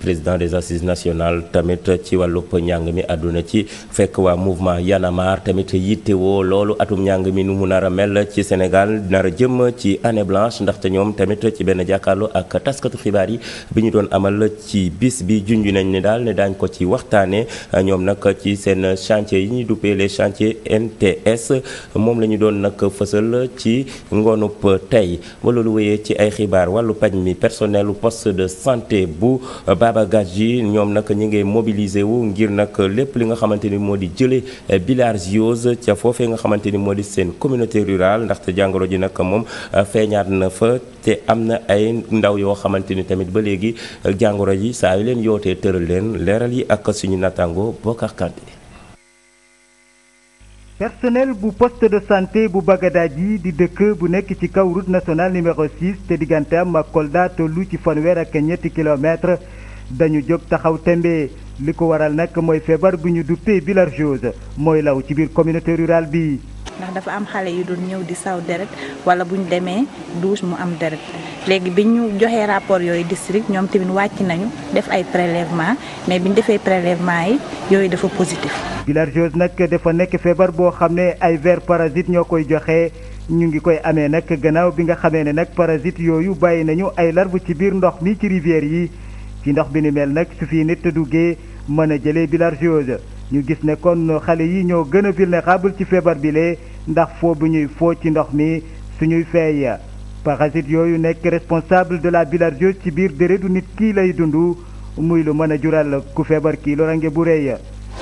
président des assises nationales tamit ci wàllub njàng mi àdduna ci fekk waa mouvement Y'en a marre tamit yittewoo loolu atum njàng mi nu mu nar a mel ci Sénégal nar a jëm ci année blanche ndaxte ñoom tamit ci benn jàkkaarloo ak taskatu xibaar yi bi ñu doon amal ci bis bi junj nañ ni daal ne daañ ko ci waxtaanee ñoom nag ci seen chantier yi ñu duppee les chantiers NTS moom la ñu doon nag fësal ci ngoonub tey ba loolu wéyee ci ay xibaar wàllu paj mi personnelu poste de Baba Gadji ñoom nag ñu ngi mobilisé wu ngir nag lépp li nga xamante ni moo di jëlee eh, bilharziose ca foofee xamante ni moo di seen communauté rurale ndaxte jàngoro ji nag moom eh, feeñaat na fa te am na ay ndaw yoo xamante ni tamit ba léegi eh, jàngoro ji saa yu leen yootee leen leeral yi ak suñu nattaango Bokar Kanté personnel bu poste de santé bu Bagadaji di dëkk bu nekk ci kaw route nationale numéro te diggante am ak Kolda tollu ci fanweer dañu jóg taxaw tembe li ko waral nag mooy feebar bu ñu duppee bilharziose mooy law ci biir communauté rural bi. ndax dafa am xale yi doon ñëw di saw deret wala bu ñu demee douche mu am deret léegi bi ñu joxee rapport yooyu district ñoom tamit wàcc nañu def ay prélèvement mais bi ñu defee prélèvement yi yooyu dafa positif. bilharziose nag dafa nekk feebar boo xam ne ay vers parasite ñoo koy joxee ñu ngi koy amee nag gannaaw bi nga xamee ne nag parasite yooyu bàyyi nañu ay larve ci biir ndox mi ci rivière yi. ci ndox bi ni mel nag su fi nit duggee mën a jëlee bilharziose ñu gis ne kon xale yi ñoo gën a vulnérable ci feebar bi lee ndax foo bu ñuy foo ci ndox mi su suñuy feey parasite yooyu nekk responsable de la bilharziose ci biir déretu nit kii lay dund muy lu mën a jural ku feebar kii lorange bu rëy.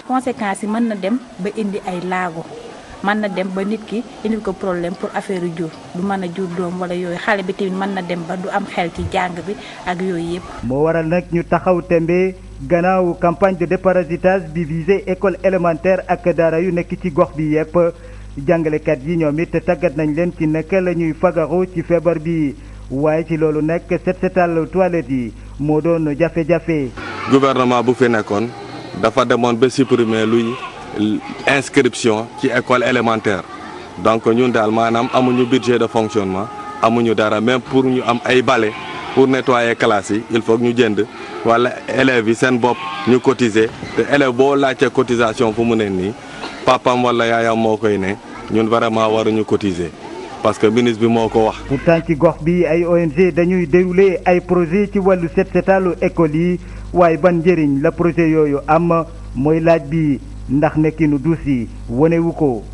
conséquences yi mën na dem ba indi ay laago. mën na dem ba nit ki indil ko problème pour affaire jur du mën a jur doom wala yooyu xale bi tamit mën na dem ba du am xel ci jàng bi ak yooyu yëpp. moo waral nag ñu taxaw tembe gannaawu campagne de déparasitage bi visé école élémentaire ak dara yu nekk ci gox bi yëpp jàngalekat yi ñoom it te tàggat nañ leen ci naka la ñuy fagaru ci feebar bi waaye ci loolu nag set setal toilette yi moo doon jafe-jafe. gouvernement bu fi nekkoon dafa demoon ba supprimer luy. inscription ci école élémentaire donc ñun daal maanaam amuñu budget de fonctionnement amuñu dara même pour ñu am ay bale pour nettoyer classe yi il faut ñu jënd wala élèves yi seen bopp ñu cotiser te élève boo laajte cotisation fu mu ne nii papam wala yaayam moo koy ne ñun vraiment waruñu cotiser parce que ministre bi moo ko wax. pourtant ci gox bi ay ONG dañuy dérouler ay projet ci wàllu set setalu école yi waaye ban njëriñ la projet yooyu am mooy laaj bi. ndax nekkinu duus yi wanewu ko